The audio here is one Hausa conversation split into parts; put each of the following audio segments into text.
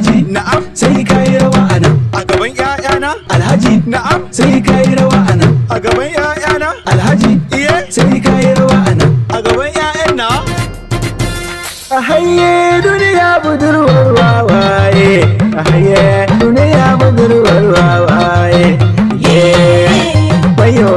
alhaji na'am sai ka yi rawa a nan a gaban ƴaƴana alhaji na'am sai ka yi rawa a nan a gaban ƴaƴana alhaji iye sai ka yi rawa a nan a gaban ƴaƴan na a haye duniya budurwar wawaye a haye duniya budurwar wawaye ye bayo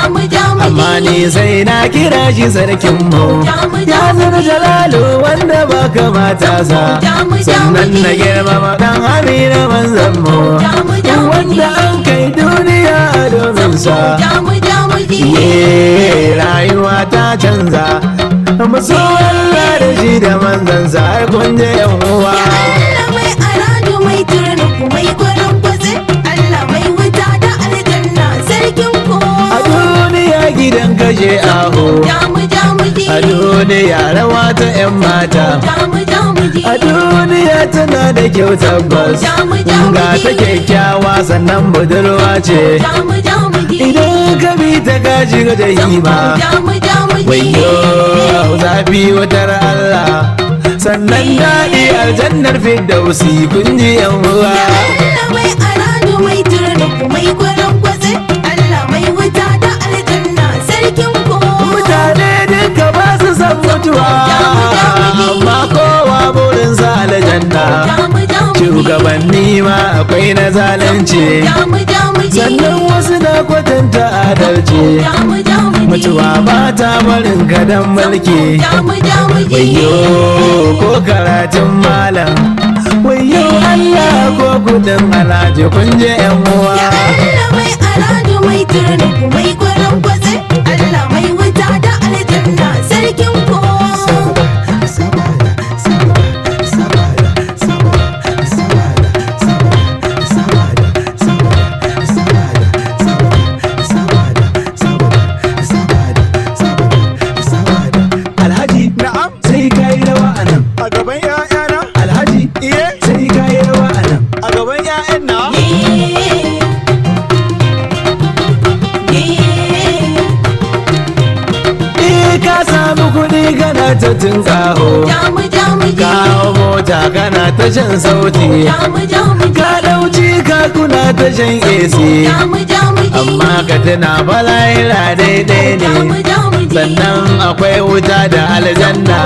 amma ni sai na kira shi sarkin mu ya zuru jalalu wanda ba kamata sa sannan na girmama dan amina manzan mu wanda an kai duniya a domin sa rayuwa ta canza musu Allah da shi da manzan sa har kun je yan uwa ne rawa ta 'yan mata a duniya tana da kyau tabbas ga ta kyakkyawa sannan budurwa ce idan ka bi ta gaji ga jahima wayo zafi wutar Allah sannan daɗi aljannar fidausi kun ji yan uwa shugabanni ma akwai na zalunci sannan wasu na kwatanta adalci mutuwa ba ta barin gadon mulki wayo ko karatun malam wayo allah ko kudin alhaji kun je yan uwa mai alhaji mai turni mai kana ta tun tsaho kawo mota gana ta shan sauti ka dauci ka kuna ta shan esi amma ka tana bala'ira daidai ne sannan akwai wuta da aljanna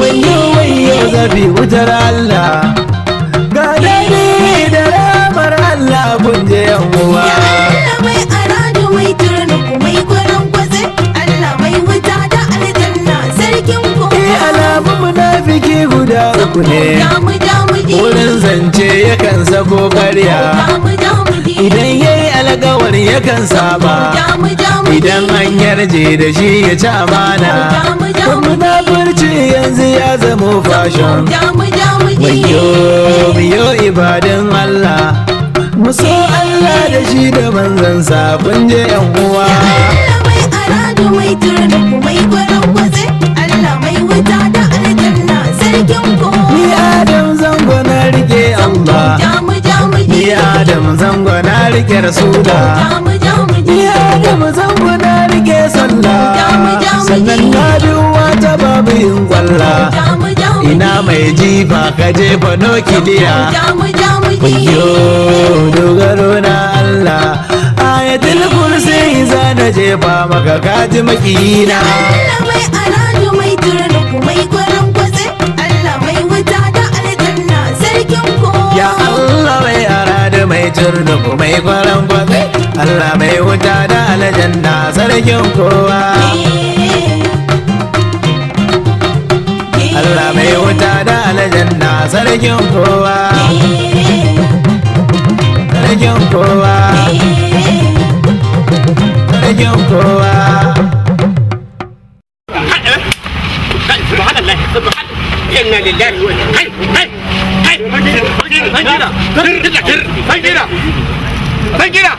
wayo wayo zafi wutar Allah wurin zance yakan sako karya idan ya yi yakan saba idan an yarje da shi ya ci amana kuma na yanzu ya zamo fashon wayo biyo ibadan Allah muso Allah da shi da manzansa kun je yan uwa na rike rasula iya da ku na rike sallah sannan na duwa ta babu yin kwalla ina mai jifa ka jefa nokiliya kuyo dogaro na allah ayatul kursi za na jefa maka kaji makina mai wuta da aljanna sarkin kowa Allah mai wuta da aljanna sarkin kowa sarkin kowa sarkin kowa dan gida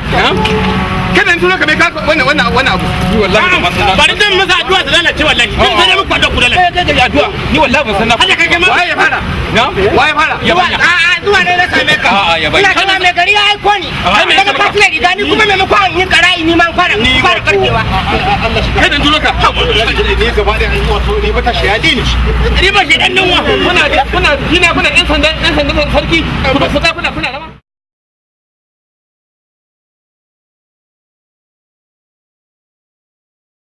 kada tura ka mai ka wannan wannan abu ni wallahi bari zan masa addu'a da lalace wallahi zan fara muku addu'a ku lalace eh, kai kai addu'a ni wallahi ban san na haka kai ma ya fara na waye fara ya bani a a zuwa ne na same ka a a ya bani kana mai gari ya aiko ni kana fatina riga ni kuma mai muku an yi karai ni ma fara ni fara karkewa Allah shi kada tura ka ni gaba da an wato ni ba ta shi ni ni ba shi dan nan wa kuna kuna kina kuna sarki ba kuna